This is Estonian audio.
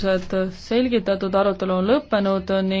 vastused selgitatud, arutelu on lõppenud ning